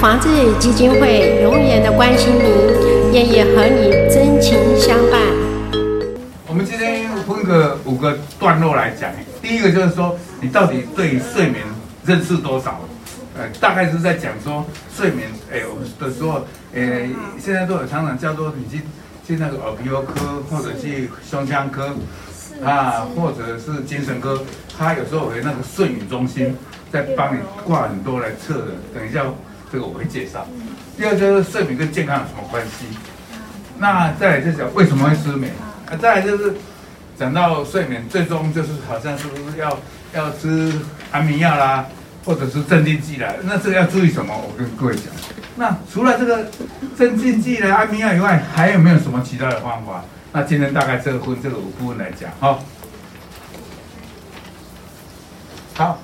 防治基金會永遠的關心你，願意和你真情相伴。我們今天分個五個段落來講，第一個就是說你到底對於睡眠認識多少？呃，大概是在講說睡眠，哎、呃，我們的時候，哎、呃，現在都有常常叫做你去去那個耳鼻喉科，或者去胸腔科，啊，或者是精神科，他有時候會那個睡眠中心在幫你掛很多來測的，等一下。這個我會介紹。第二就是睡眠跟健康有什麼關係？那再來就是講為什麼會失眠？啊，再來就是講到睡眠，最終就是好像是不是要要吃安眠藥啦，或者是鎮定劑啦？那這個要注意什麼？我跟各位講。那除了這個鎮靜劑的安眠藥以外，還有沒有什麼其他的方法？那今天大概這個分這個五部分來講，哦，好。好。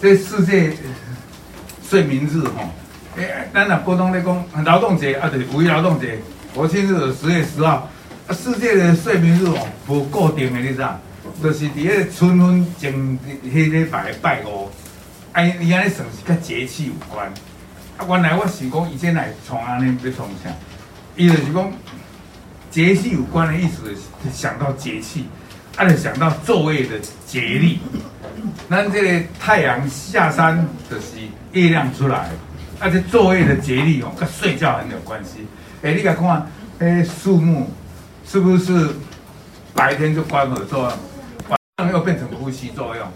這世界睡眠日吼，誒、哦，欸，咱若普通咧講勞動節啊，就是五一勞動節，國慶日十月十號界明，就是黑黑白白，啊，世界誒睡眠日吼，無固定誒，你知，就是佇迄個春分前迄禮拜拜五，哎，伊安尼算是甲節氣有關。啊，原來我是講以前來創安尼要創啥，伊就是講節氣有關的意思，想到節氣。他就、啊、想到晝夜的節律，那這個太陽下山的時候，月亮出來，那些晝夜的節律哦，跟睡覺很有關係。哎、欸，你給他看，哎、欸，樹木是不是白天就光合作用，晚上又變成呼吸作用？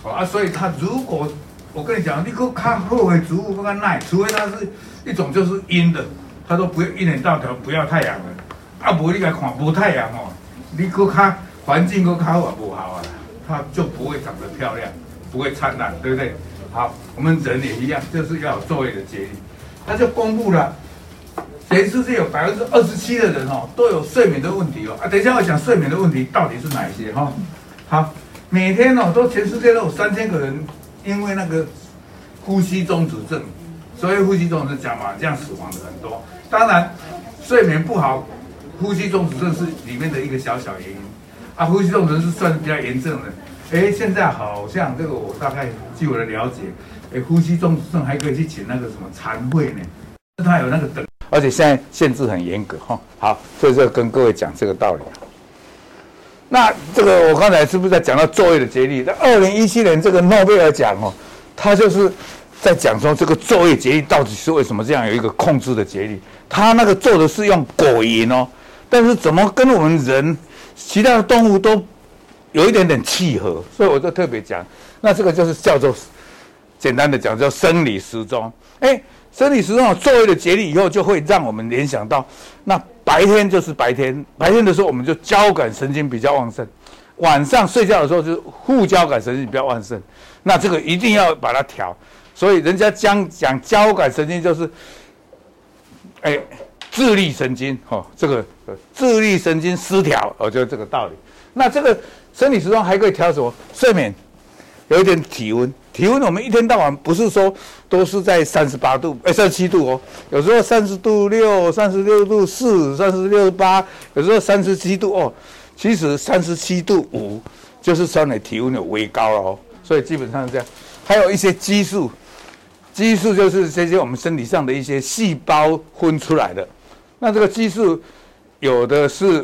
好、哦、啊，所以他如果我跟你講，你去看後邊植物不加耐，除非它是一種就是陰的，他說不用一年到頭不要太陽的。啊不，不，你給他看無太陽哦，你去看。環境夠好啊，不好啊，它就不會長得漂亮，不會燦爛，對不對？好，我們人也一樣，就是要有晝夜的節律。他就公布了，全世界有百分之二十七的人哦，都有睡眠的問題哦。啊，等一下我講睡眠的問題到底是哪一些哈？好，每天哦，都全世界都有三千個人因為那個呼吸中止症，所以呼吸中止講嘛，這樣死亡的很多。當然，睡眠不好，呼吸中止症是裡面的一個小小原因。啊，呼吸中止是算比較嚴重的。誒、欸，現在好像這個我大概據我的了解，誒、欸，呼吸中止症還可以去請那個什麼參會呢？他有那個等，而且現在限制很嚴格哈、哦。好，所以就跟各位講這個道理。那這個我剛才是不是在講到作業的節律？那二零一七年這個諾貝爾獎哦，他就是在講說這個作業節律到底是為什麼這樣有一個控制的節律？他那個做的是用果蠅哦，但是怎麼跟我們人？其他的動物都有一點點契合，所以我就特別講，那這個就是叫做簡單的講叫生理時鐘。哎、欸，生理時鐘作為的節律以後就會讓我們聯想到，那白天就是白天，白天的時候我們就交感神經比較旺盛，晚上睡覺的時候就是副交感神經比較旺盛。那這個一定要把它調，所以人家講講交感神經就是，哎、欸。自律神經，哦，這個自律神經失調，哦，就是這個道理。那這個生理時鐘還可以調什麼？睡眠，有一點體溫，體溫我們一天到晚不是說都是在三十八度，哎、欸，三十七度哦，有時候三十度六，三十六度四，三十六八，有時候三十七度哦，其實三十七度五就是說你的體溫有微高了哦，所以基本上是這樣。還有一些激素，激素就是這些我們身體上的一些細胞分出來的。那這個激素，有的是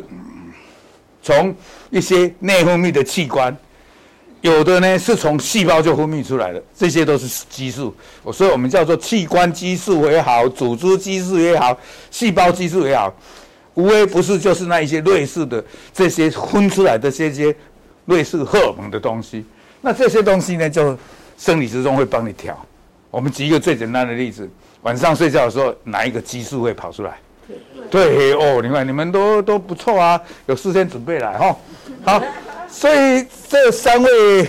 從一些內分泌的器官，有的呢是從細胞就分泌出來的，這些都是激素。所以，我們叫做器官激素也好，組織激素也好，細胞激素也好，無非不是就是那一些類似的這些分出來的這些類似荷爾蒙的東西。那這些東西呢，就生理之中會幫你調。我們舉一個最簡單的例子：晚上睡覺的時候，哪一個激素會跑出來？對哦，你看你們都都不錯啊，有事先準備來哈、哦。好，所以這三位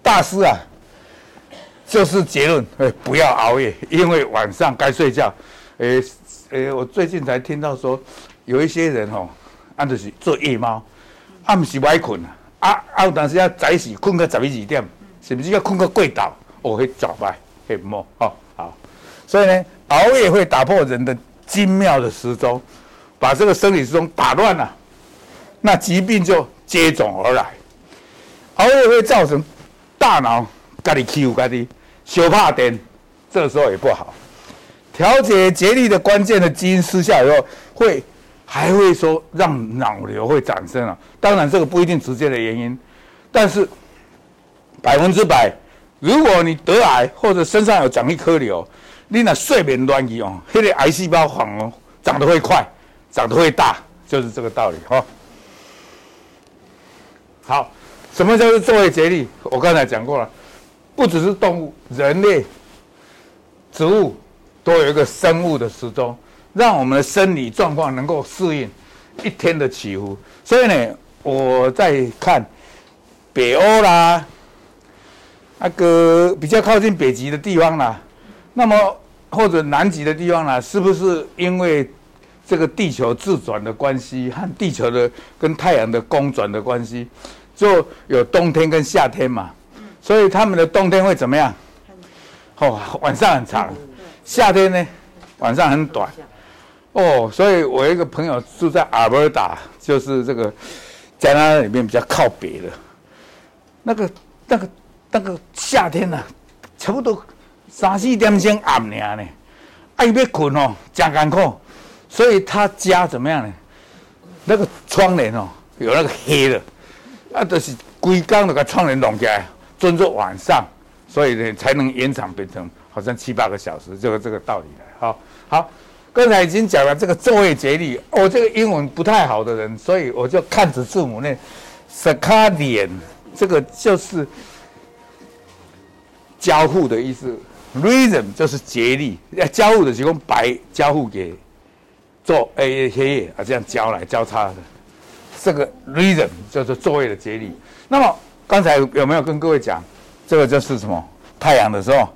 大師啊，就是結論：，哎，不要熬夜，因為晚上該睡覺。誒、哎、誒、哎，我最近才聽到說，有一些人哦，啊，就是做夜貓，暗時歹困啊，啊，但是啊，早起困到十一二點，甚至要困到跪倒，哦，很早白，很忙哈。好，所以呢，熬夜會打破人的精妙的時鐘。把這個生理時鐘打亂了、啊，那疾病就接踵而來。熬夜會造成大腦咖喱修咖喱小怕點，這個、時候也不好。調節節律的關鍵的基因失效以後，會還會說讓腦瘤會產生啊。當然這個不一定直接的原因，但是百分之百，如果你得癌或者身上有長一顆瘤，你那睡眠亂移哦，那個癌細胞反而長得會快。長得會大，就是這個道理哈、哦。好，什麼叫做晝夜節律？我剛才講過了，不只是動物，人類、植物都有一個生物的時鐘，讓我們的生理狀況能夠適應一天的起伏。所以呢，我在看北歐啦，那個比較靠近北極的地方啦，那麼或者南極的地方啦，是不是因為？這個地球自轉的關係和地球的跟太陽的公轉的關係，就有冬天跟夏天嘛。所以他們的冬天會怎麼樣？哦，晚上很長。夏天呢，晚上很短。哦，所以我一個朋友住在阿爾伯達，就是這個加拿大裡面比較靠北的。那個、那個、那個夏天呢、啊，差不多三四點鐘暗了呢，愛、啊、要困哦，真艱苦。所以他家怎麼樣呢？那個窗簾哦、喔，有那個黑的，啊，就是規工的，把窗簾弄起來，裝作晚上，所以呢才能延長變成好像七八個小時，這個這個道理來。好，好，剛才已經講了這個晝夜節律。我、哦、這個英文不太好的人，所以我就看着字母那，circadian 這個就是交互的意思 rhythm 就是節律，要交互的時候白交互給。做 A A 黑夜啊，這樣交來交叉的，這個 reason 叫做晝夜的接力。那麼剛才有沒有跟各位講，這個就是什麼太陽的時候、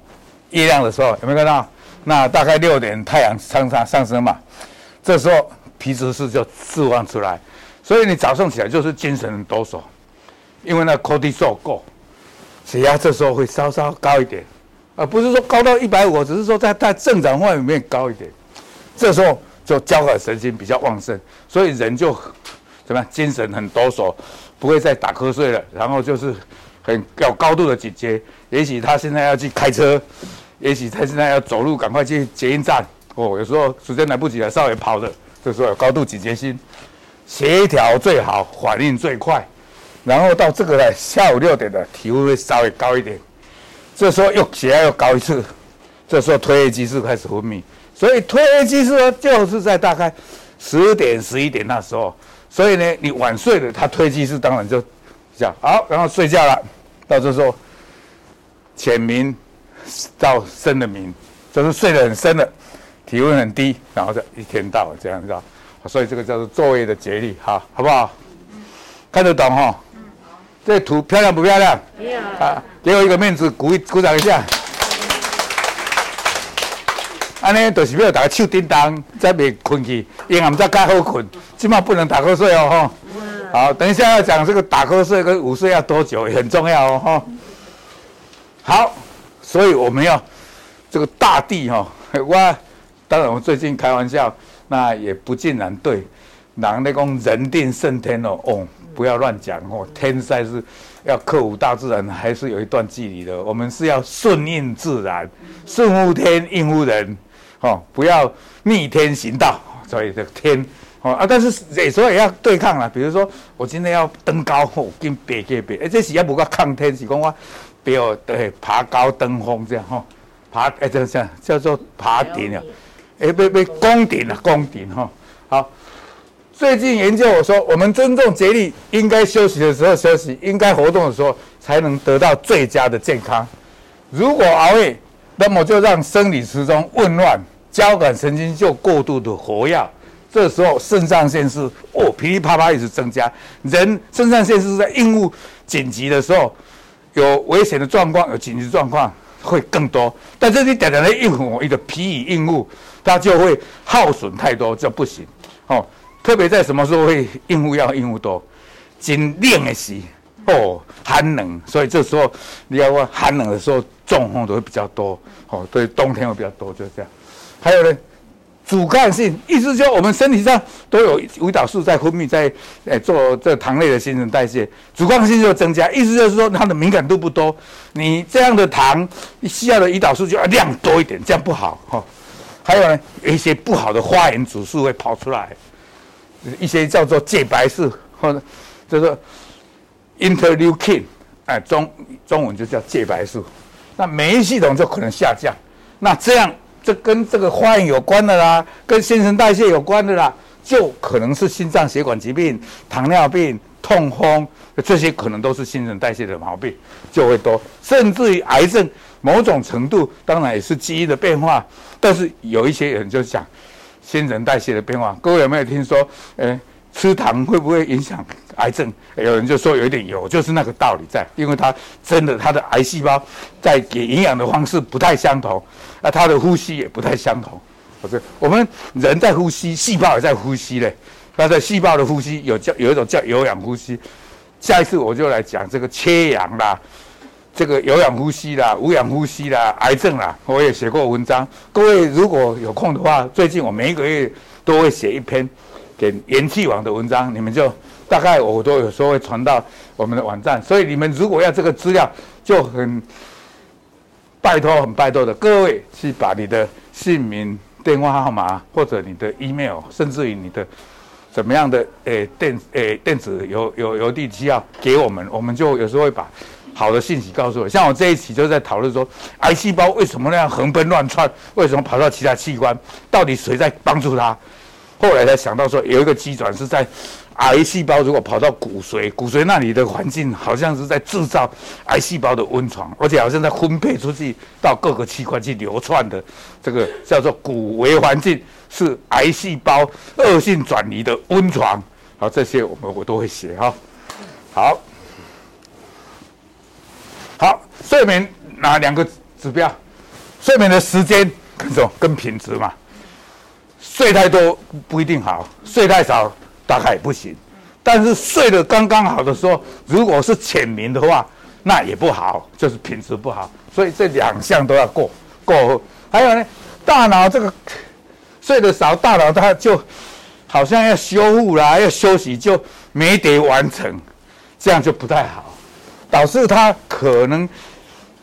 月亮的時候有沒有看到？那大概六點太陽上上上升嘛，這時候皮質素就釋放出來，所以你早上起來就是精神抖擻，因為那 cortisol 血壓這時候會稍稍高一點，而不是說高到一百五，只是說在在正常範圍裡面高一點，這時候。就交感神經比較旺盛，所以人就怎麼樣精神很抖擻，不會再打瞌睡了。然後就是很有高度的警覺，也許他現在要去開車，也許他現在要走路，趕快去捷運站。哦，有時候時間來不及了，稍微跑了。這時候有高度警戒心，協調最好，反應最快。然後到這個呢，下午六點的體溫會稍微高一點，這時候又起來又高一次，這時候唾液機制開始分泌。所以褪黑激素呢，就是在大概十點、十一點那時候。所以呢，你晚睡了，他褪黑激素當然就這樣。好，然後睡覺了，到這時候淺眠到深的眠，就是睡得很深的，體溫很低，然後就一天到這樣子。所以這個叫做晝夜的節律，哈，好不好？看得懂哈？這圖漂亮不漂亮？漂亮。啊，給我一個面子，鼓一鼓掌一下。安尼都是沒有大家手叮當，再袂睏去，夜晚再較好睏。即馬不能打瞌睡哦，吼、哦。好，等一下要講這個打瞌睡，跟午睡要多久，很重要哦，吼、哦。好，所以我們要這個大地，吼、哦，我當然我最近開玩笑，那也不盡然對。人那個“人定勝天”哦，哦，不要亂講哦。天災是要克服大自然，還是有一段距離的。我們是要順應自然，順乎天，應乎人。哦、不要逆天行道，所以這天、哦，啊，但是有時候也要對抗，比如說，我今天要登高，我跟別個別，這是要不個抗天，是講我，比如對爬高登峰這樣，哈、哦，爬一陣子叫做爬頂、欸、啊，哎，別別攻頂了，攻頂哈。好，最近研究我說，我們尊重節律，應該休息的時候休息，應該活動的時候才能得到最佳的健康。如果熬夜。那麼就讓生理時鐘紊亂，交感神經就過度的活躍，這時候腎上腺素哦噼里啪啦一直增加。人腎上腺素在應付緊急的時候，有危險的狀況，有緊急的狀況會更多。但這些短短的應付你的疲於應付，它就會耗損太多，就不行哦。特別在什麼時候會應付要應付多？緊練的時。哦，寒冷，所以這時候你要問，寒冷的時候中風都會比較多，哦，對，冬天會比較多，就這樣。還有呢，主幹性意思就是我們身體上都有胰島素在分泌，在誒、欸、做這個糖類的新陳代謝，主幹性就增加，意思就是說它的敏感度不多，你這樣的糖你需要的胰島素就要量多一點，這樣不好哈、哦。還有呢，有一些不好的花鹽主數會跑出來，一些叫做戒白素，或、哦、者就是。Interleukin，哎，中中文就叫介白素，那免疫系統就可能下降。那這樣，這跟這個患有關的啦，跟新陳代謝有關的啦，就可能是心臟血管疾病、糖尿病、痛風，這些可能都是新陳代謝的毛病就會多。甚至於癌症，某種程度當然也是基因的變化，但是有一些人就講新陳代謝的變化。各位有沒有聽說，哎，吃糖會不會影響？癌症，有人就說有一點有，就是那個道理在，因為他真的他的癌細胞在給營養的方式不太相同，那、啊、他的呼吸也不太相同。不是，我們人在呼吸，細胞也在呼吸嘞。那在細胞的呼吸有叫有一種叫有氧呼吸，下一次我就來講這個缺氧啦，這個有氧呼吸啦，無氧呼吸啦，癌症啦，我也寫過文章。各位如果有空的話，最近我每一個月都會寫一篇給元氣網的文章，你們就。大概我都有時候會傳到我們的網站，所以你們如果要這個資料，就很拜託、很拜託的各位去把你的姓名、電話號碼或者你的 email，甚至於你的怎麼樣的誒、欸、電誒、欸、電子郵郵郵地址啊給我們，我們就有時候會把好的信息告訴我。像我這一期就在討論說，癌細胞為什麼那樣橫奔亂竄，為什麼跑到其他器官，到底誰在幫助它？後來才想到說，有一個機轉是在。癌細胞如果跑到骨髓，骨髓那裡的環境好像是在製造癌細胞的溫床，而且好像在分配出去到各個器官去流竄的。這個叫做骨微環境，是癌細胞惡性轉移的溫床。好，這些我們我都會寫哈。好，好，睡眠哪兩個指標？睡眠的時間跟什麼？跟品質嘛。睡太多不一定好，睡太少。大概也不行，但是睡得剛剛好的時候，如果是淺眠的話，那也不好，就是品質不好。所以這兩項都要過過後。還有呢，大腦這個睡得少，大腦它就好像要修復啦，要休息，就沒得完成，這樣就不太好，導致他可能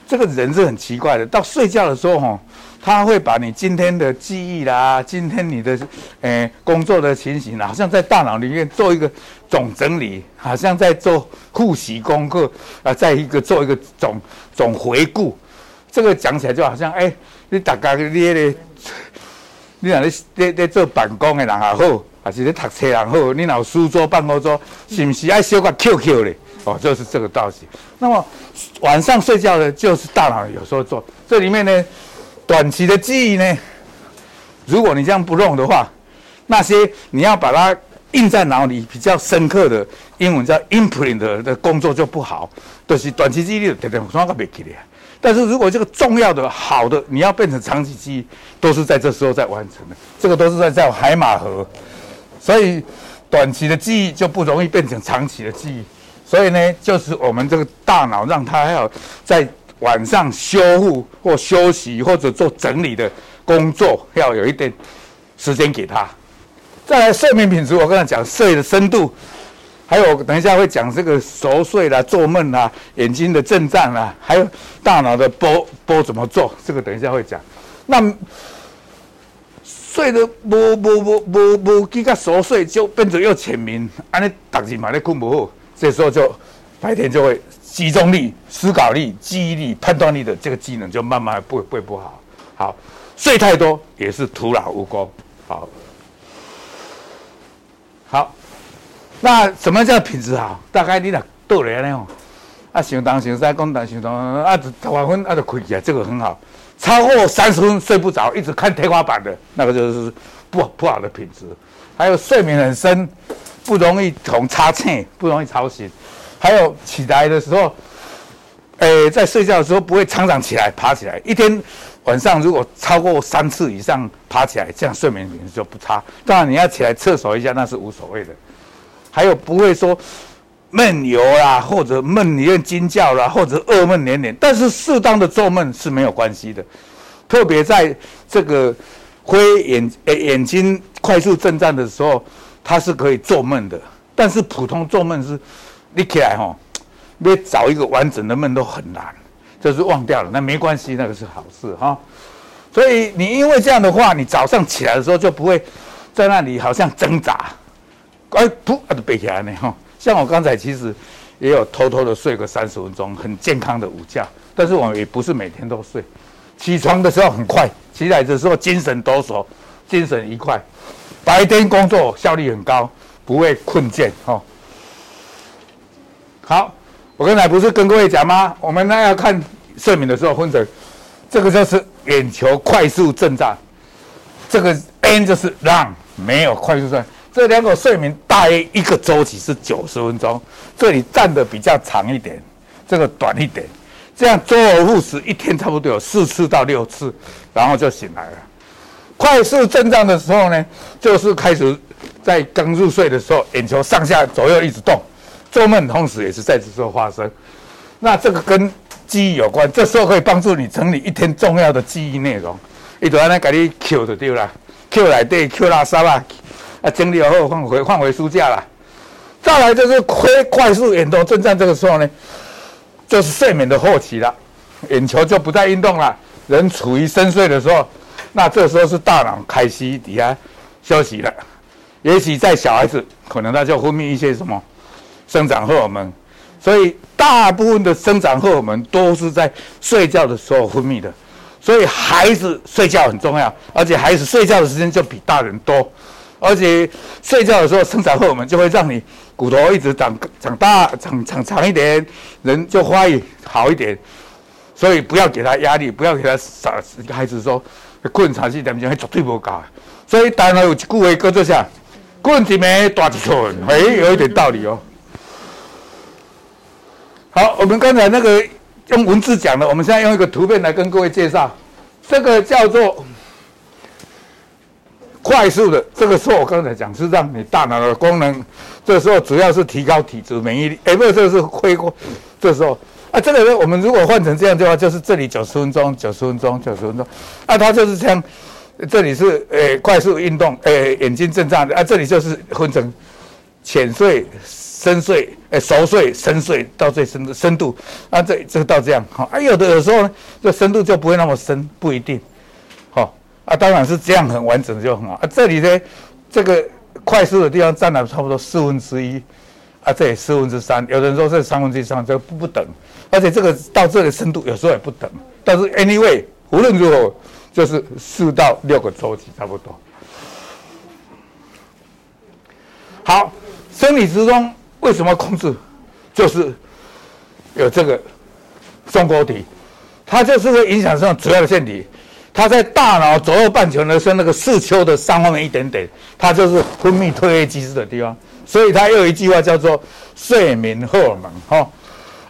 這個人是很奇怪的，到睡覺的時候吼他會把你今天的記憶啦，今天你的，誒、欸，工作的情形啦，好像在大腦裡面做一個總整理，好像在做複習功課，啊，在一個做一個總總回顧。這個講起來就好像，哎、欸，你大家咧咧，你若咧咧做辦公嘅人也好，還是咧讀冊人好，你書桌、辦公桌，是不是愛小可 qq 的哦，就是這個道理。那麼晚上睡覺的就是大腦有時候做這裡面呢。短期的記憶呢，如果你這樣不弄的話，那些你要把它印在腦裡比較深刻的英文叫 imprint 的工作就不好，但、就是短期記憶的，但是如果這個重要的、好的，你要變成長期記憶，都是在這時候在完成的，這個都是在叫海馬迴，所以，短期的記憶就不容易變成長期的記憶。所以呢，就是我們這個大腦讓它要在。晚上修復或休息或者做整理的工作，要有一點時間給他。再來睡眠品質，我跟他講睡的深度，還有等一下會講這個熟睡啦、啊、做夢啦、眼睛的震顫啦，還有大腦的波波怎麼做，這個等一下會講。那睡的不不不不不，比較熟睡，就變做又淺眠，安尼打然嘛你困不好，這時候就白天就會。集中力、思考力、記憶力、判斷力的這個機能就慢慢會不不不好，好，睡太多也是徒勞無功。好，好，那什麼叫品質好？大概你倆多人呢？啊，想當想在公談心中，啊，早晚昏啊就困起來，這個很好。超過三十分睡不着，一直看天花板的那個就是不好、不好的品質。還有睡眠很深，不容易從吵醒，不容易吵醒。還有起來的時候，誒、呃，在睡覺的時候不會常常起來爬起來。一天晚上如果超過三次以上爬起來，這樣睡眠品質就不差。當然你要起來廁所一下那是無所謂的。還有不會說悶遊啦，或者夢裡面驚叫啦，或者噩夢連連。但是適當的做夢是沒有關係的，特別在這個灰眼眼眼睛快速震顫的時候，它是可以做夢的。但是普通做夢是。你起來吼，你找一個完整的夢都很難，就是忘掉了，那沒關係，那個是好事哈。所以你因為這樣的話，你早上起來的時候就不會在那裡好像掙扎，哎，噗，啊，就背起來了哈。像我剛才其實也有偷偷的睡個三十分鐘，很健康的午覺，但是我們也不是每天都睡。起床的時候很快，起來的時候精神抖擻，精神愉快，白天工作效率很高，不會睏倦哈。好，我剛才不是跟各位講嗎？我們那要看睡眠的時候分成。這個就是眼球快速震盪，這個 N 就是 REM 沒有快速振。這兩種睡眠大約一個周期是九十分鐘，這裡佔的比較長一點，這個短一點，這樣周而復始，一天差不多有四次到六次，然後就醒來了。快速震盪的時候呢，就是開始在剛入睡的時候，眼球上下左右一直動。做夢同時也是在這時候發生，那這個跟記憶有關，這時候可以幫助你整理一天重要的記憶內容。一出來呢，給你扣就對了，扣來對，q 拉沙啦，啊整理好後放回放回書架啦。再來就是快快速眼動症，在這個時候呢，就是睡眠的後期了，眼球就不再運動了，人處於深睡的時候，那這時候是大腦開始底下休息了。也許在小孩子，可能他就分泌一些什麼。生長荷爾蒙，所以大部分的生長荷爾蒙都是在睡覺的時候分泌的，所以孩子睡覺很重要，而且孩子睡覺的時間就比大人多，而且睡覺的時候生長荷爾蒙就會讓你骨頭一直長長大長長長，長一點，人就發育好一點，所以不要給他壓力，不要給他少孩子說，困長一點，絕對不高，所以當然有一句話叫做啥，睏一暝大一寸，誒有一點道理哦。好，我們剛才那個用文字講的，我們現在用一個圖片來跟各位介紹，這個叫做快速的。這個是我剛才講是讓你大腦的功能，這個、時候主要是提高體質免疫力。哎、欸，不是，這個、是恢復。這個、時候啊，這個我們如果換成這樣的話，就是這裡九十分鐘，九十分鐘，九十分鐘。啊，它就是這樣，這裡是誒、欸、快速運動，誒、欸、眼睛震顫的啊，這裡就是昏沉。淺睡、深睡，誒、欸，熟睡、深睡到最深的深度，啊，這這個到這樣，好、哦啊，有的有時候呢，這深度就不會那麼深，不一定，好、哦、啊，當然是這樣很完整就很好啊。這裡呢，這個快速的地方占了差不多四分之一，啊，啊這裡四分之三，有的人說這三分之一上就不不等，而且這個到這裡深度有時候也不等，但是 anyway 無論如何就是四到六個周期差不多，好。生理之中，為什麼控制？就是有這個松果體，它就是會影響上主要的腺體。它在大腦左右半球呢，是那個視丘的上方一點點，它就是分泌褪黑激素的地方。所以它又有一句話叫做“睡眠荷爾蒙”哈、哦。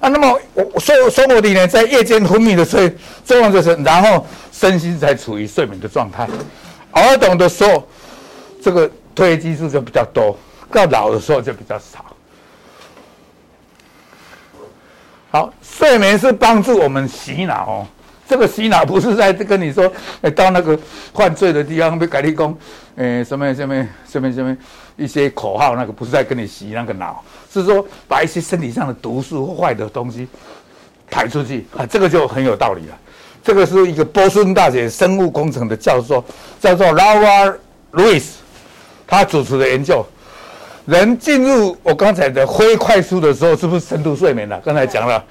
啊，那麼松松果體呢，在夜間分泌的時候，作用就是然後身心才處於睡眠的狀態。兒童的時候，這個褪黑激素就比較多。到老的時候就比較少好。好，睡眠是幫助我們洗腦哦。這個洗腦不是在跟你說、欸，到那個犯罪的地方被改立功，哎、欸，什麼什麼什麼什麼什麼一些口號，那個不是在跟你洗那個腦，是說把一些身體上的毒素或壞的東西排出去啊。這個就很有道理了。這個是一個波士頓大學生物工程的教授，叫做 Laura Lewis，他主持的研究。人進入我剛才的灰快速的時候，是不是深度睡眠了？剛才講了，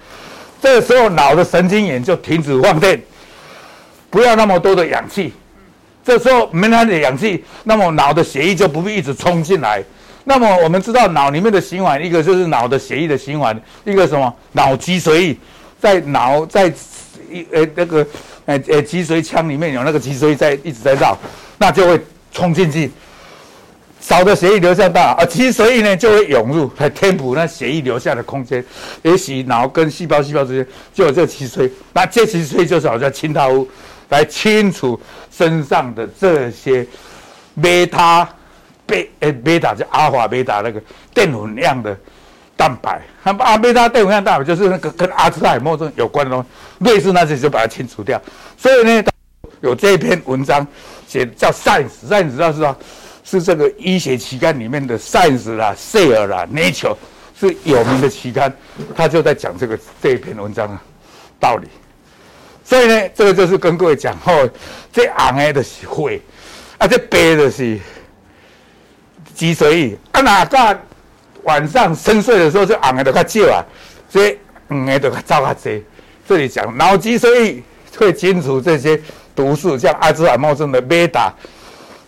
這時候腦的神經元就停止放電，不要那麼多的氧氣。這時候沒那的氧氣，那麼腦的血液就不會一直衝進來。那麼我們知道腦裡面的循環，一個就是腦的血液的循環，一個什麼？腦脊髓液在腦在一呃、欸、那個呃呃、欸欸、脊髓腔裡面有那個脊髓在一直在繞，那就會衝進去。少的血液留下大腦啊，其實脊髓呢就會湧入來填補那血液留下的空間，也許腦跟細胞細胞之間就有這脊髓，那這脊髓就是好像清道夫，來清除身上的這些，貝塔，貝誒貝塔就阿爾法貝塔那個澱粉樣的蛋白，阿貝塔澱粉樣蛋白就是那個跟阿茲海默症有關的東西，類似那些就把它清除掉，所以呢有這篇文章寫叫《Science》，Science 是說。是這個醫學期刊裡面的 Science 啦、Cell 啦、Nature 是有名的期刊，他就在講這個這一篇文章啊道理。所以呢，這個就是跟各位講哦，這紅的都是會啊，這白的是脊髓。啊哪個晚上深睡的時候，這紅的就較少啊，所以紅的就較早較多。這裡講腦脊髓會清除這些毒素，像阿茲海默症的 Beta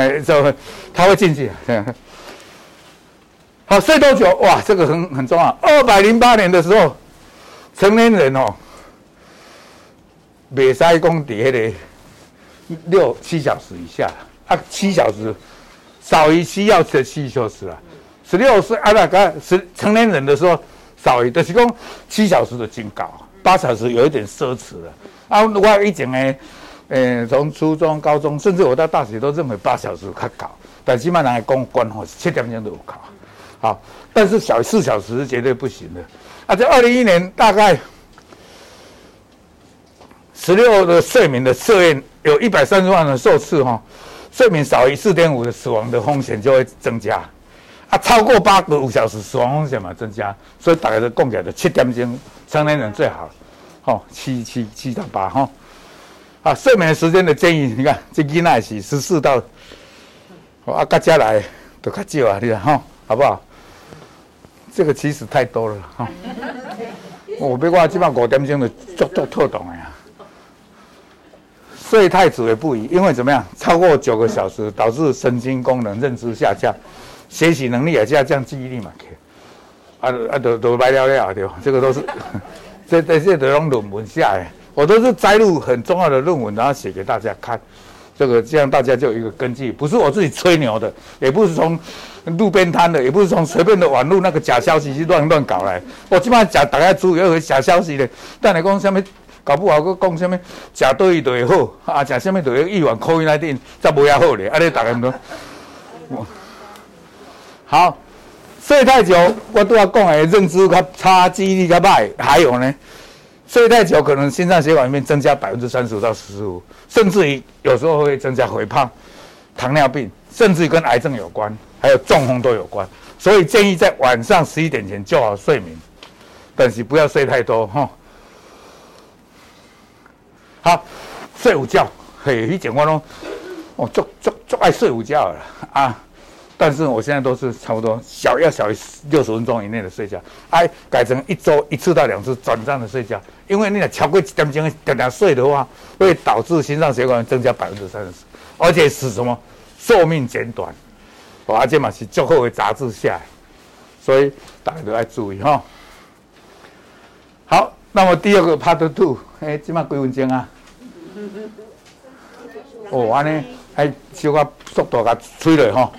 哎、就會，他會進去好，睡多久？哇，這個很很重要。二百零八年的時候，成年人哦，未使講在那個六七小時以下。啊，七小時少於需要是七小時啊，十六歲啊那個十成年人的時候少於，就是講七小時的警告，八小時有一點奢侈了。啊，如果以前呢？誒，從初中、高中，甚至我到大學都認為八小時開考，但起碼來講，官方是七點鐘都考，好。但是小於四小時是絕對不行的。啊，在二零一一年大概十六的睡眠的測驗，有一百三十萬的受試哈、哦，睡眠少於四點五的死亡的風險就會增加，啊，超過八個五小時死亡風險嘛增加，所以大概都供起的七點鐘成年人最好，吼七七七到八哈、哦。啊，睡眠時間的建議，你看，最起碼是十四到，我阿家姐來，就較少啊，你看吼、哦，好不好？這個其實太多了，吼、哦。哦、比我比基本上五點鐘就足足透動的呀。睡太久也不宜，因為怎麼樣？超過九個小時，導致神經功能、認知下降，學習能力也下降，這樣記憶力嘛，啊啊，都都白了了對吧？這個都是，這這些都攏論文下的。我都是摘錄很重要的論文，然後寫給大家看，這個這樣大家就有一個根據，不是我自己吹牛的，也不是從路邊攤的，也不是從隨便的網路那個假消息去亂亂搞來。我基本上講大家注意假消息的，但你講下面搞不好，我講下面假對一就會好，啊，吃什麼就會預防潰瘍那點，才無遐好咧。啊，你大家唔懂。好，睡太久，我都要講，誒，認知較差，記憶力較歹，還有呢？睡太久可能心臟血管裡面增加百分之三十五到四十五，甚至於有時候會增加肥胖、糖尿病，甚至於跟癌症有關，還有中風都有關。所以建議在晚上十一點前做好睡眠，但是不要睡太多哈。好、啊，睡午覺嘿，以前我哦足足足愛睡午覺了啊。但是我現在都是差不多小要小於六十分鐘以內的睡覺，哎，改成一周一次到兩次短暫的睡覺，因為你個超過兩間兩兩睡的話，會導致心臟血管增加百分之三十，而且使什麼，壽命減短，哇，這嘛是最後的雜誌下，所以大家都要注意哈、哦。好，那麼第二個 part two，哎，這嘛幾分鐘啊？我安尼，哎，小可速度甲催落吼。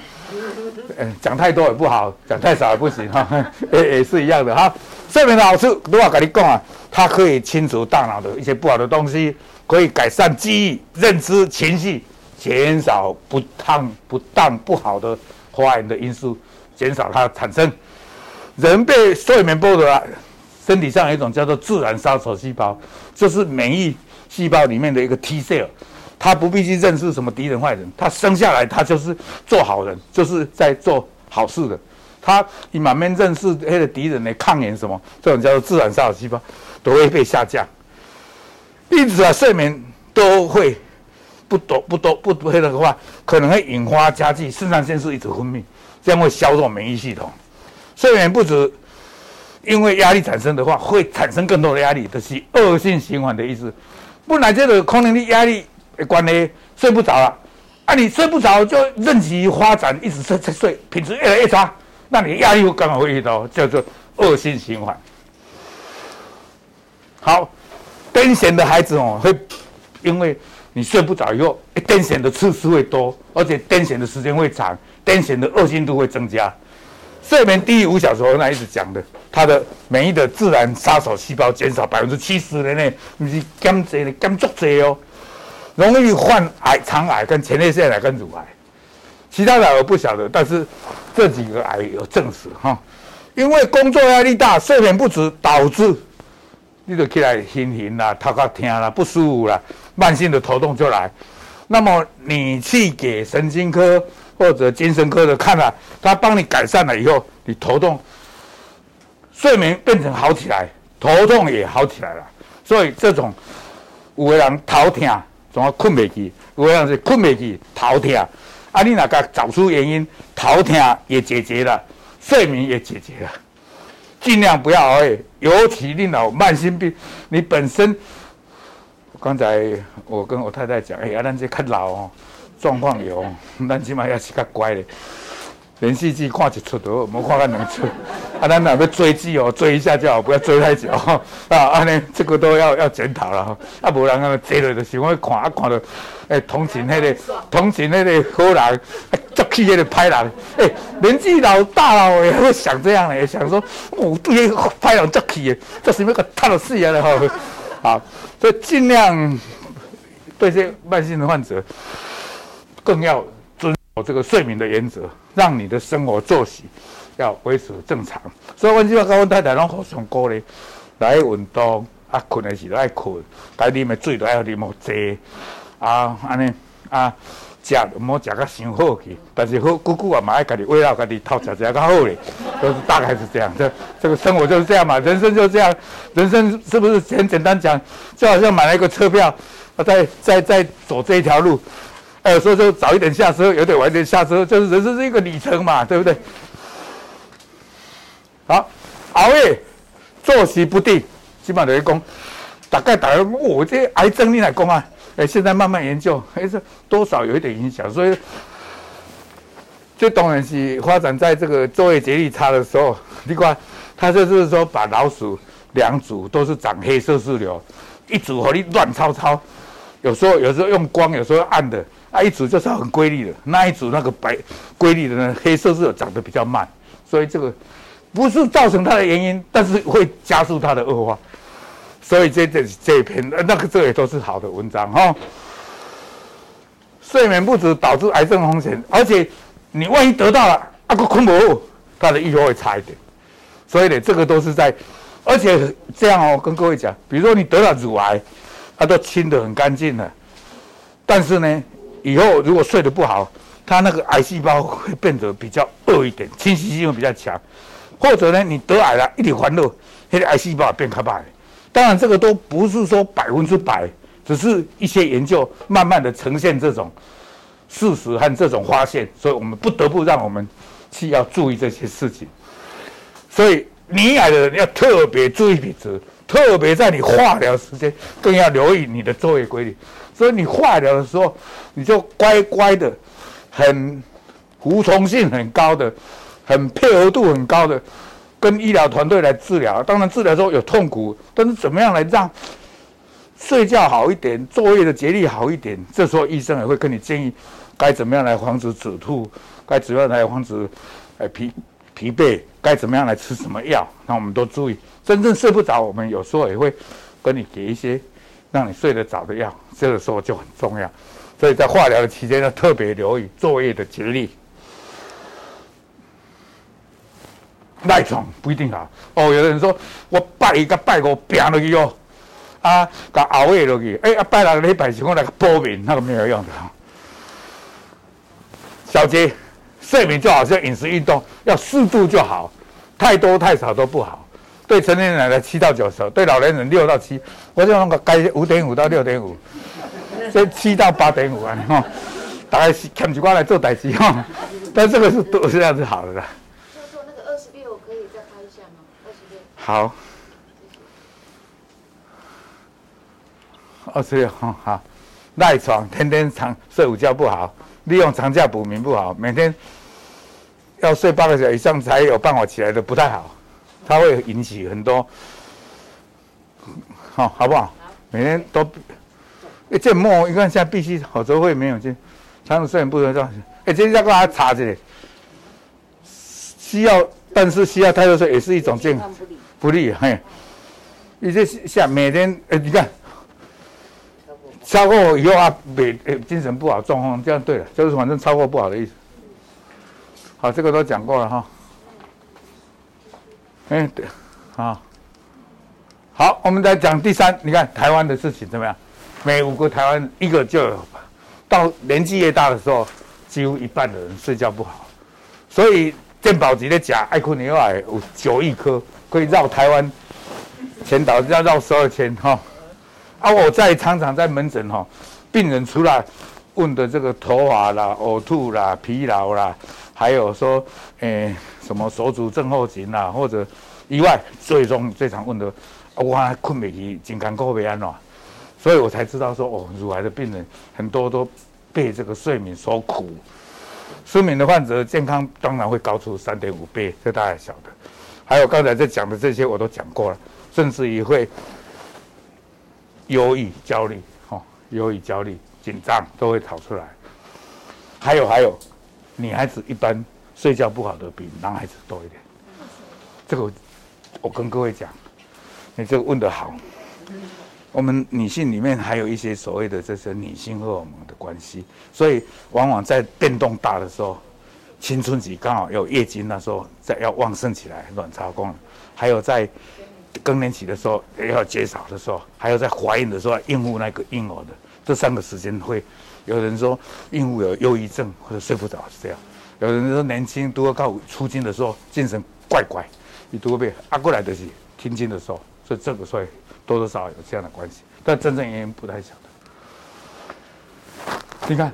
講、欸，太多也不好，講太少也不行哈，也、啊欸、也是一樣的哈。睡眠的好處，我跟你講啊，它可以清除大腦的一些不好的東西，可以改善記憶、認知、情緒，減少不燙不當、不好的發炎的因素，減少它產生。人被睡眠剝奪了，身體上有一種叫做自然殺手細胞，就是免疫細胞裡面的一個 T cell。他不必去認識什麼敵人、壞人，他生下來他就是做好人，就是在做好事的。他以滿面認識黑的敵人來抗炎，什麼這種叫做自然殺手細胞都會被下降。因此啊，睡眠都會不多不多不多的話，可能會引發加劇腎上腺素一直分泌，這樣會削弱免疫系統。睡眠不足因為壓力產生的話，會產生更多的壓力，這、就是惡性循環的意思。本來這個空靈力壓力。一關咧，睡不着了、啊。啊，你睡不着就任其發展，一直在在睡，品質越來越差。那你壓力又剛好會遇到，叫做惡性循環。好，癲癇的孩子哦，會因為你睡不着以後，癲癇的次數會多，而且癲癇的時間會長，癲癇的惡性度會增加。睡眠低於五小時，我剛才一直講的，他的免疫的自然殺手細胞減少百分之七十以內。你是干儕干作儕哦。容易患癌、腸癌、跟前列腺癌、跟乳癌，其他的我不曉得，但是這幾個癌有證實哈。因為工作壓力大、睡眠不足導致你就起來心情啦、頭殼疼啊，不舒服啦、啊，慢性的頭痛就來。那麼你去給神經科或者精神科的看了、啊，他幫你改善了以後，你頭痛、睡眠變成好起來，頭痛也好起來了。所以這種有的人頭痛。總啊，睏袂去，如果講是睏袂去，頭痛。啊，你若甲找出原因，頭痛也解決了，睡眠也解決了，儘量不要熬夜。尤其你老慢性病，你本身。剛才我跟我太太講，哎、欸、呀、啊，咱是較老哦，狀況有，但起碼也是較乖的。連續劇看一出就好，我們看看兩次。啊，咱也要追劇哦，追一下就好，不要追太久。哦、啊，啊呢，這個都要要檢討了。啊，無人啊坐落，就是我看，一、啊、看到，哎、欸，同情那個，同情那個好人，啊，抓起那個歹人。哎、欸，年紀老大了也會想這樣的，也想說，我被歹人抓起，這是咪個大好事了。哈，啊，所以盡量對這些慢性的患者更要。我這個睡眠的原則，讓你的生活作息要維持正常。所以，我記到高文太太攏好唱歌咧，來運動啊，困的時候愛困，該啉的水就愛喝啉莫多。啊，安尼啊，食唔好食甲傷好去，嗯，但是好姑姑啊，嘛愛給你餵藥，給你套腳，食甲好咧。都是大概是這樣，這這個生活就是這樣嘛，人生就是這樣。人生是不是很簡單講？就好像買了一個車票，啊，再再再走這一條路。呃、欸，所以說早一點下車，有點晚一點下車，就是人生是一個旅程嘛，對不對？好，熬夜，作息不定，基本上等於講，大概打個講我這癌症、啊，你來講啊？哎、欸，現在慢慢研究，還、欸、是多少有一點影響。所以最動人是發展在這個晝夜節律差的時候，你管它就是說把老鼠兩組都是長黑色素瘤，一組和你亂操操，有時候有時候用光，有時候暗的。那一組就是很規律的，那一組那個白規律的呢，黑色是有長得比較慢，所以這個不是造成它的原因，但是會加速它的惡化。所以這這這一篇那個這也都是好的文章哈。睡眠不足導致癌症風險，而且你萬一得到了啊個昆布，它的預後會差一點。所以呢，這個都是在，而且這樣哦，跟各位講，比如說你得了乳癌，它都清得很乾淨了，但是呢。以後如果睡得不好，它那個癌細胞會變得比較惡一點，侵襲性會比較強。或者呢，你得癌了、啊，一定還樂，他、那、的、個、癌細胞也變可怕。當然，這個都不是說百分之百，只是一些研究慢慢的呈現這種事實和這種發現，所以我們不得不讓我們去要注意這些事情。所以，你癌的人要特別注意品質，特別在你化療時間，更要留意你的晝夜規律。所以你化療的時候，你就乖乖的，很服從性很高的，很配合度很高的，跟醫療團隊來治療。當然治療時候有痛苦，但是怎麼樣來讓睡覺好一點，作業的節律好一點？這時候醫生也會跟你建議，該怎麼樣來防止止吐，該怎麼樣來防止哎疲疲憊，該怎麼樣來吃什麼藥？那我們都注意。真正睡不着，我們有時候也會跟你給一些。讓你睡得早的藥，這個時候就很重要。所以在化療的期間要特別留意作業的節律。賴床不一定好。哦，有的人說我拜個拜個平落去喲、哦，啊，個熬夜落去，哎，拜了，你一百平方那個補眠那個沒有用的。小姐，睡眠就好像飲食運動，要適度就好，太多太少都不好。對成年人來的七到九十，對老年人六到七，我就那個改五點五到六點五，所以七到八點五啊，大概是撿幾瓜來做代志哈。但這個是都是這樣子好的啦。就說那個二十六，我可以再拍一下嗎？二十六。好。二十六，好，好賴床，天天長睡午覺不好，利用長假補眠不好，每天要睡八個小時以上才有辦法起來的，不太好。它會引起很多，好、哦，好不好？好每天都，哎對，這莫一個現在必須合作會沒有這長統稅不得這樣，哎、欸，這要大家查着嘞。需要，但是需要太多睡也是一種健康、這個、不利，嘿。你這像每天，哎、欸，你看，超過以後啊，沒、欸、精神不好，狀況這樣對了，就是反正超過不好的意思。好，這個都講過了哈。哦嗯、對，好、哦，好，我們再講第三，你看台灣的事情怎麼樣？每五個台灣一個就有，到年紀越大的時候，幾乎一半的人睡覺不好，所以健保局的假艾克又矮，有九億顆可以繞台灣全島要繞十二圈哈、哦。啊，我在常常在門診哈、哦，病人出來問的這個頭髮啦、嘔吐啦、疲勞啦。還有說，誒、欸，什麼手足症候群啦，或者意外，最終最常問的、啊，我困沒去，健康靠咩安咯？所以我才知道說，哦，乳癌的病人很多都被這個睡眠所苦，失眠的患者健康當然會高出三點五倍，這大家曉得。還有剛才在講的這些我都講過了，甚至於會憂鬱、哦、憂鬱焦慮，吼，憂鬱、焦慮、緊張都會跑出來。還有，還有。女孩子一般睡覺不好的比男孩子多一點，這個我跟各位講，你這個問得好。我們女性裡面還有一些所謂的這些女性荷爾蒙的關係，所以往往在變動大的時候，青春期剛好有月經那時候在要旺盛起來，卵巢功能；還有在更年期的時候也要減少的時候，還有在懷孕的時候要應付那個嬰兒的這三個時間會。有人說孕婦有憂鬱症或者睡不着是這樣，有人說年輕都要靠初經的時候精神怪怪，你多會阿過來的去停經的時候，所以這個所以多多少少有這樣的關係，但真正原因不太曉得。你看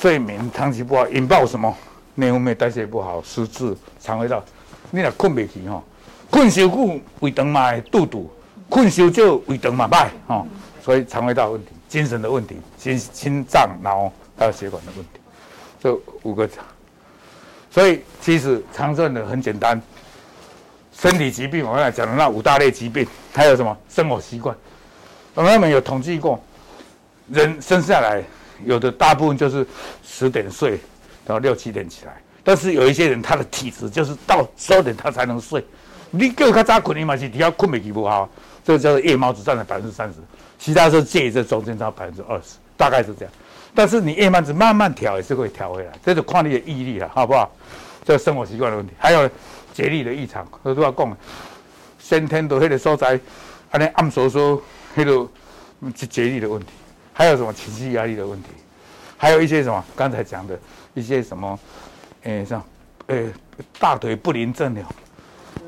睡眠長期不好，引爆什麼內分泌代謝不好，失智腸胃道。你若困不齊吼，困太久胃腸嘛堵堵，困少就胃腸嘛歹吼，所以腸胃道問題。精神的問題、心心臟、腦還有血管的問題，這五個。所以其實長壽的很簡單，身體疾病我剛才講的那五大類疾病，還有什麼生活習慣。我們有統計過，人生下來有的大部分就是十點睡到六七點起來，但是有一些人他的體質就是到十二點他才能睡。你叫他較早困，你嘛是你要困袂去，無效。這個叫做夜貓子，占了百分之三十，其他都介於這中間，到百分之二十，大概是這樣。但是你夜貓子慢慢調也是可以調回來，這是看你的毅力了，好不好？這生活習慣的問題，還有節律的異常，我都要講。先天到迄個所在，安尼暗熟熟，比如節節律的問題，還有什麼情緒壓力的問題，還有一些什麼剛才講的一些什麼，誒，像誒、欸，大腿不寧症了。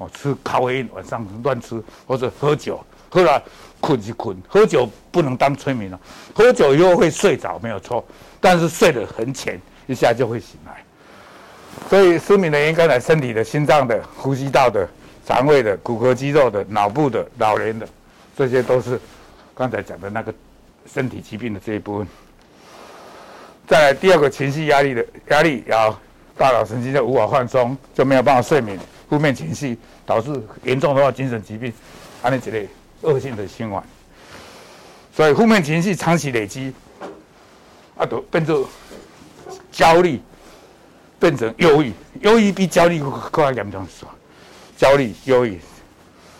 我吃咖啡因，晚上亂吃或者喝酒，喝了困就困，喝酒不能當催眠了。喝酒以後會睡着，沒有錯，但是睡得很淺，一下就會醒來。所以失眠的人，剛才身體的心臟的、呼吸道的、腸胃的、骨骼肌肉的、腦部的、老人的，這些都是剛才講的那個身體疾病的這一部分。再來第二個，情緒壓力的壓力，然後大腦神經就無法放鬆，就沒有辦法睡眠。負面情緒導致嚴重的話，精神疾病，安尼一類惡性的循環，啊。所以負面情緒長期累積，啊，都變成焦慮，變成憂鬱。憂鬱比焦慮更嚴重，是吧？焦慮、憂鬱。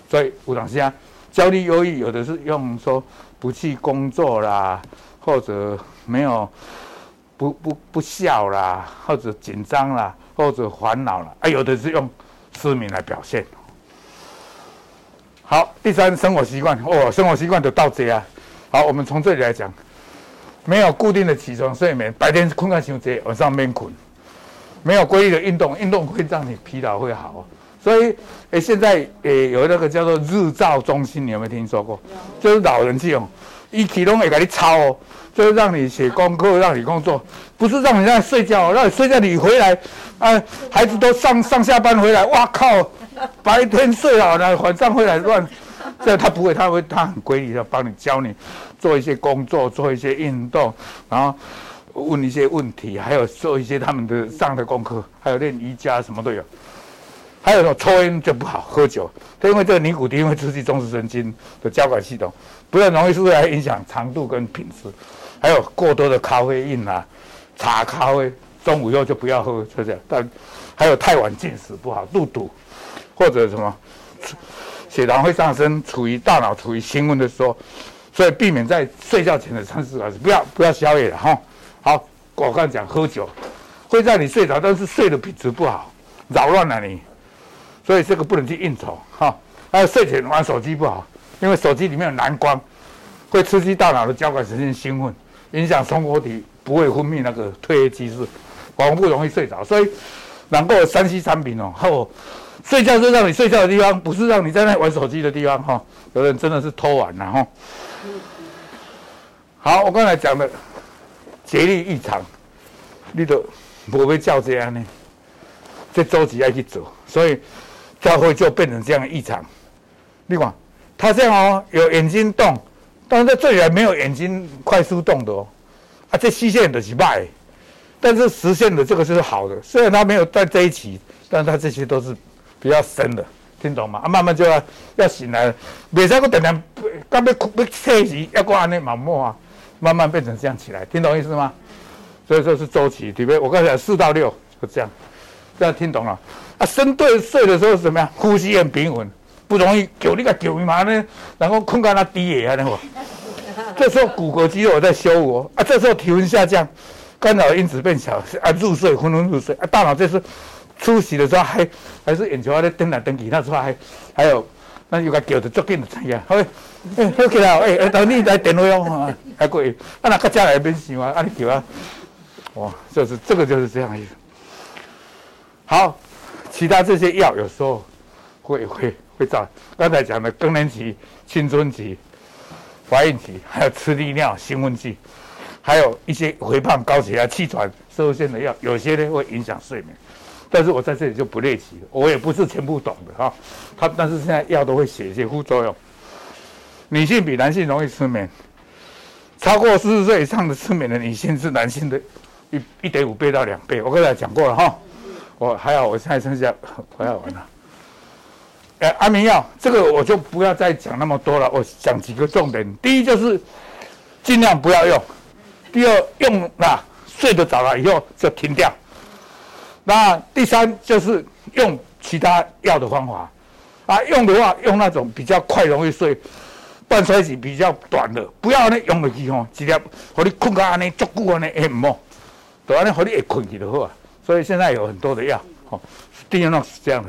所以吳老師講，焦慮、憂鬱有的是用說不去工作啦，或者沒有不不不笑啦，或者緊張啦，或者煩惱啦，啊，有的是用。失眠來表現。好，第三生活習慣哦，生活習慣都到這啊。好，我們從這裡來講，沒有固定的起床、睡眠，白天困到起晚，晚上面困，沒有規律的運動，運動會讓你疲勞會好。所以，哎、欸，現在哎、欸、有那個叫做日照中心，你有沒有聽說過？有就是老人去用，一啟動會給你操、哦。就讓你寫功課，讓你工作，不是讓你在睡覺，讓你睡覺。你回來，啊、孩子都上上下班回來，哇靠，白天睡好了，晚上回來亂。這他不會，他會他很規律的幫你教你，做一些工作，做一些運動，然後問一些問題，還有做一些他們的上的功課，還有練瑜伽什麼都有。還有抽菸就不好，喝酒，因為這個尼古丁會刺激中樞神經的交感系統，不然容易出來影響長度跟品質。還有過多的咖啡因啊，茶、咖啡，中午以後就不要喝，就這樣。但還有太晚進食不好，肚肚，或者什麼，血糖會上升，處於大腦處於興奮的時候，所以避免在睡覺前的三四小時不要不要宵夜了哈。好，我剛講喝酒，會讓你睡着，但是睡的品質不好，擾亂了你，所以這個不能去應酬哈。還有睡前玩手機不好，因為手機裡面有藍光，會刺激大腦的交感神經興奮。影響松果體不會分泌那個褪黑激素，好不容易睡着，所以能夠 3C 產品哦。睡覺是讓你睡覺的地方，不是讓你在那玩手機的地方哈、哦。有人真的是偷玩了、啊、哈、哦。好，我剛才講的節律異常，你都不會叫、這個、這樣呢，這週期要去走，所以才會就變成這樣的異常。你外，他這樣哦，有眼睛動。但是在這裡還沒有眼睛快速動的哦，啊，這虛線的是慢，但是實現的這個就是好的，雖然它沒有在這一期，但是它這些都是比較深的，聽懂嗎？啊，慢慢就要要醒來了，每三個點點，剛要哭要刺激，要過安內嘛，啊慢慢變成這樣起來，聽懂意思嗎？所以說是周期，裡面我剛才講四到六就這樣，這樣聽懂了？啊，深對睡的時候是怎麼樣？呼吸很平穩。不容易叫你個叫媽呢，然後困到那低個，曉得無？這時候骨骼肌肉我在修哦，啊，這時候體溫下降，干擾因子變小，啊，入睡昏昏入睡，啊，大腦這時初醒的時候還還是眼球在那瞪來瞪去，那時候還還有那又個叫的足緊的，知影好誒，哎、欸，好起來誒，哎、欸，等、欸、你來電話哦，還可以，啊，那到家來免想嘛。啊，你叫啊，哇，就是這個就是這樣子。好，其他這些藥有時候會會。被炸。剛才講的更年期、青春期、懷孕期，還有吃利尿興奮劑，還有一些肥胖高、高血壓、氣喘、瘦線的藥，有些呢會影響睡眠。但是我在這裡就不列舉了，我也不是全部懂的哈。他、啊、但是現在藥都會寫一些副作用。女性比男性容易失眠，超過四十歲以上的失眠的女性是男性的一一點五倍到兩倍。我剛才講過了哈、啊。我還好，我現在剩下，不要玩了、啊。哎、啊，安眠藥這個我就不要再講那麼多了，我講幾個重點。第一就是儘量不要用；第二，用了、啊、睡得早了以後就停掉；那第三就是用其他藥的方法。啊，用的話用那種比較快容易睡，半衰期比較短的，不要那用的、喔、久方劑量，和你困個安尼足久安尼也唔哦，對啊，和你一困起就好了。所以現在有很多的藥，哦、喔，一定要弄是這樣的。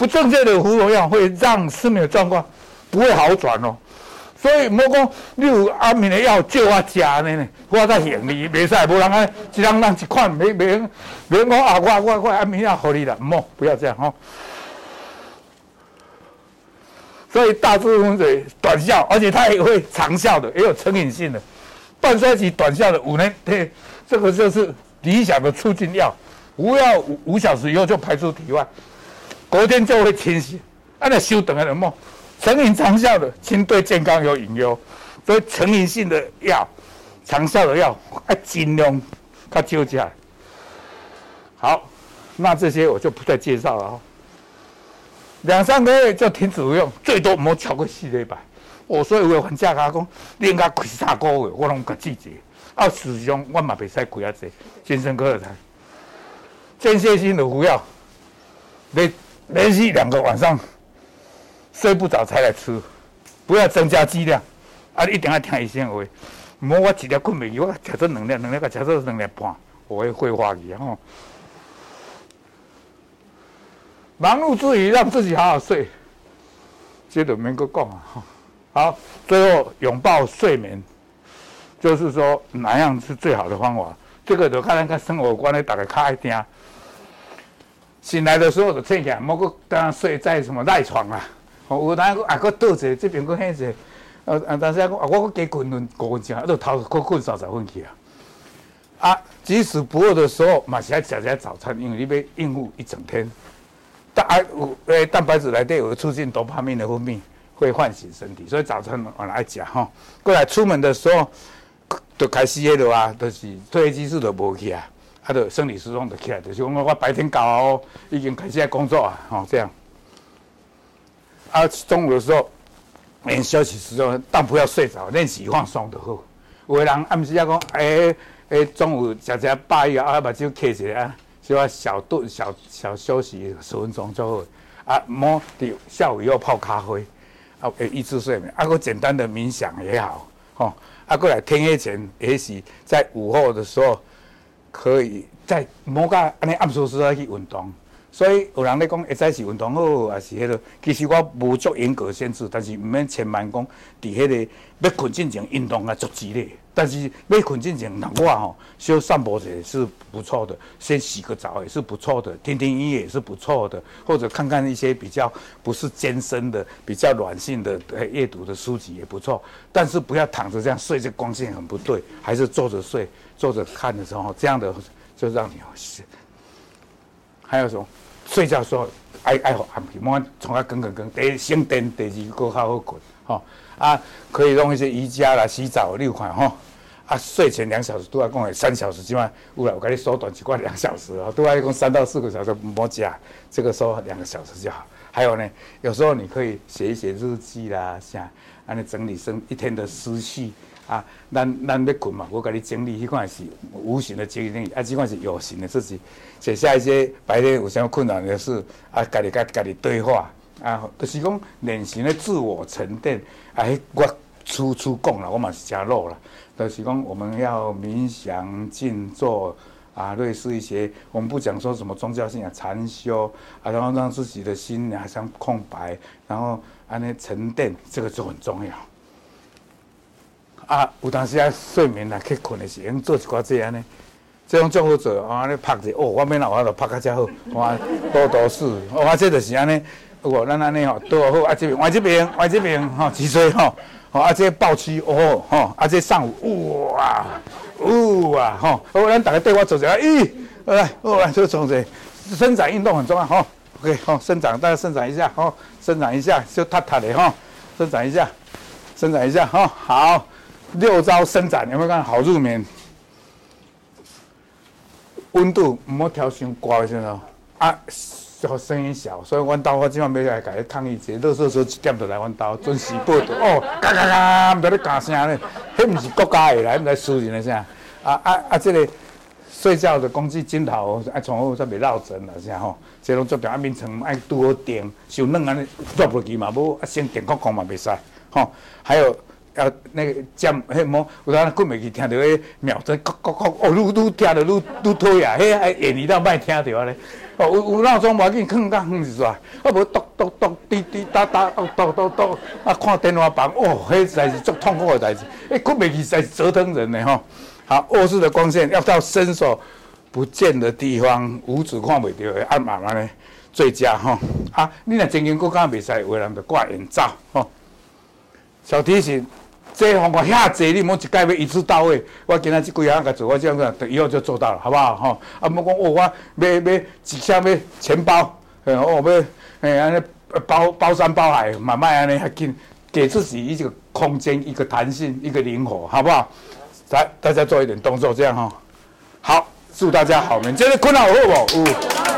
不正確的服用藥會讓失眠的狀況不會好轉哦，所以莫講，你有安眠的藥就阿吃呢，我你不不不不不不不，我在行呢，沒事，無人愛，一人用去看，沒沒沒人阿我我我安眠藥給你了，莫，不要這樣吼、哦。所以大部分水短效，而且它也會長效的，也有成癮性的，半衰期短效的五年對，這個就是理想的促進藥，服藥五,五小時以後就排出體外。隔天就會清洗安尼修等下人麼？成癮長效的，清對健康有隱憂，所以成癮性的藥、長效的藥，儘量卡糾結。好，那這些我就不再介紹了。兩三個月就停止服用，最多唔好超過四禮拜。哦，所以我說有放假講，你應該開三個月，我攏甲拒絕。啊，始終我嘛袂使開啊，濟精神科的台，間歇性的服藥，你。連續兩個晚上睡不着才來吃，不要增加劑量，啊，一定要聽醫生的話。唔，我幾條困美有我吃做兩粒，兩粒個吃做兩兩半，我會廢話去吼。忙碌之餘讓自己好好睡，接着沒個夠啊。好，最後擁抱睡眠，就是說哪樣是最好的方法？這個就看咱個生活觀念，大家較愛聽。醒來的時候就醒起，莫剛剛睡在什麼賴床啊？哦、喔，有人說啊，擱倒坐這邊擱歇坐，呃、啊、呃，但是講啊，我擱加困兩過分鐘，都頭擱困三十分去啊。啊，即使不餓的時候，嘛，是要吃些早餐，因為你要應付一整天。蛋呃、啊、蛋白質內底有，會促進多巴胺的分泌，會喚醒身體，所以早餐往哪一吃哈？過來出門的時候，就開始了啊，就是褪黑激素都無去啊。阿、啊、就生理時鐘就起來，就是講我白天搞，哦、已經開始工作啊，吼、哦、這樣。啊，中午的時候，休息時間，但不要睡着，練習放鬆就好。有的人暗時啊講，哎、欸、哎、欸、中午吃吃飯、啊啊、以後啊目睭閉一下，小小頓小小休息十分鐘就好。啊，摸掉下午以後泡咖啡，啊會抑制睡眠，啊個簡單的冥想也好，吼、哦、啊過來天黑前，也許在午後的時候。可以在某個安尼暗處處啊去運動，所以有人在講，一直是運動好，好，好，還是迄、那個？其實我無作嚴格限制，但是唔免千萬講、那個，佇迄個要困進前運動啊作激烈。但是要困進前，我吼小、哦、散步者是不錯的，先洗個澡也是不錯的，聽聽音樂也是不錯的，或者看看一些比較不是艱深的、比較軟性的閱讀的書籍也不錯。但是不要躺着這樣睡，這光線很不對，還是坐着睡。坐着看的時候，這樣的就讓你哦。還有什麼睡覺的時候，愛愛好按摩，莫從它耿耿耿，第一充電，第二個好好困，哈、哦、啊，可以用一些瑜伽啦、洗澡六款，哈、哦、啊，睡前兩小時對外共三小時之外，唔了我跟你縮短幾過兩小時啊，對外一共三到四個小時，莫急啊，這個時候兩個小時就好。還有呢，有時候你可以寫一寫日記啦，啥，幫你整理生一天的思緒。啊，咱咱要困嘛，我家己整理迄款是無形的整理，啊，這款是有形的自己。寫下一些白天有啥困難的事，啊，家己跟家己，己對話，啊，就是講內心的自我沉澱。啊，我處處講啦，我嘛是吃老啦，就是講我們要冥想靜坐，啊，類似一些，我們不講說什麼宗教性啊，禪修啊，然後讓自己的心啊像空白，然後安尼沉澱，這個就很重要。啊，有當時啊，睡眠啊，去困的時用做一寡這些樣尼，這種種好做，啊，你拍者，哦，我明天我着拍甲正好，我多多試，我、哦啊、這就是安尼，我咱安尼吼都好，啊這邊，啊這邊，啊這邊吼，脊椎吼，啊這抱膝，哦吼，啊這上午，哇，哇吼，好，咱大家對我做者，咦，哦、來，來，來做做者，伸展運動很重要吼、哦，OK，好、哦，伸長大家伸長一下吼，伸長一下就塌塌的吼，伸長一下，伸、哦、長一下吼、哦，好。六招伸展你有沒有講好入眠？溫度唔好調傷高先咯，啊，就聲音小，所以阮兜我今晚要來家抗議者，囉嗦嗦一點就來阮兜準時報到，哦，嘎嘎嘎，唔得你嘎啥呢？迄毋是國家的，來毋來私人的啥啊啊啊，啊，這個睡覺的工具頭要枕頭愛從好則袂落枕啦，是啊吼，這攏做掉，一、啊、面床愛多墊，手軟安尼落不記嘛，無啊先墊高高嘛袂使，吼，還有。啊，要那個將迄麼有陣睏袂去，聽到迄秒針，咔咔咔，哦，愈愈聽到愈愈討厭，迄還眼罩賣聽到咧，哦，有有鬧鐘，無要緊，放較遠是啥？我無滴滴滴，滴答答，滴滴滴，啊，看天花板，哦，迄代志足痛苦的代志，哎，睏未去在折騰人呢吼。好，臥室的光線要到伸手不見的地方，五指看袂到，按暗暗呢最佳吼、喔。啊，你若真真夠敢袂使，有的人就掛眼罩吼、喔。小提醒。這方法遐多，你莫一概要一次到位。我今仔只幾下個樣子做，我這個樣個，以後就做到了，好不好？吼、啊！啊，莫、就、講、是、哦，我買要，直接錢包，呃，我要，嗯，安尼包包山包海，慢慢安尼還給給自己一個空間，一個彈性，一個靈活，好不好？來，大家做一點動作，這樣哈。好，祝大家好眠，今天困了，有無？嗯。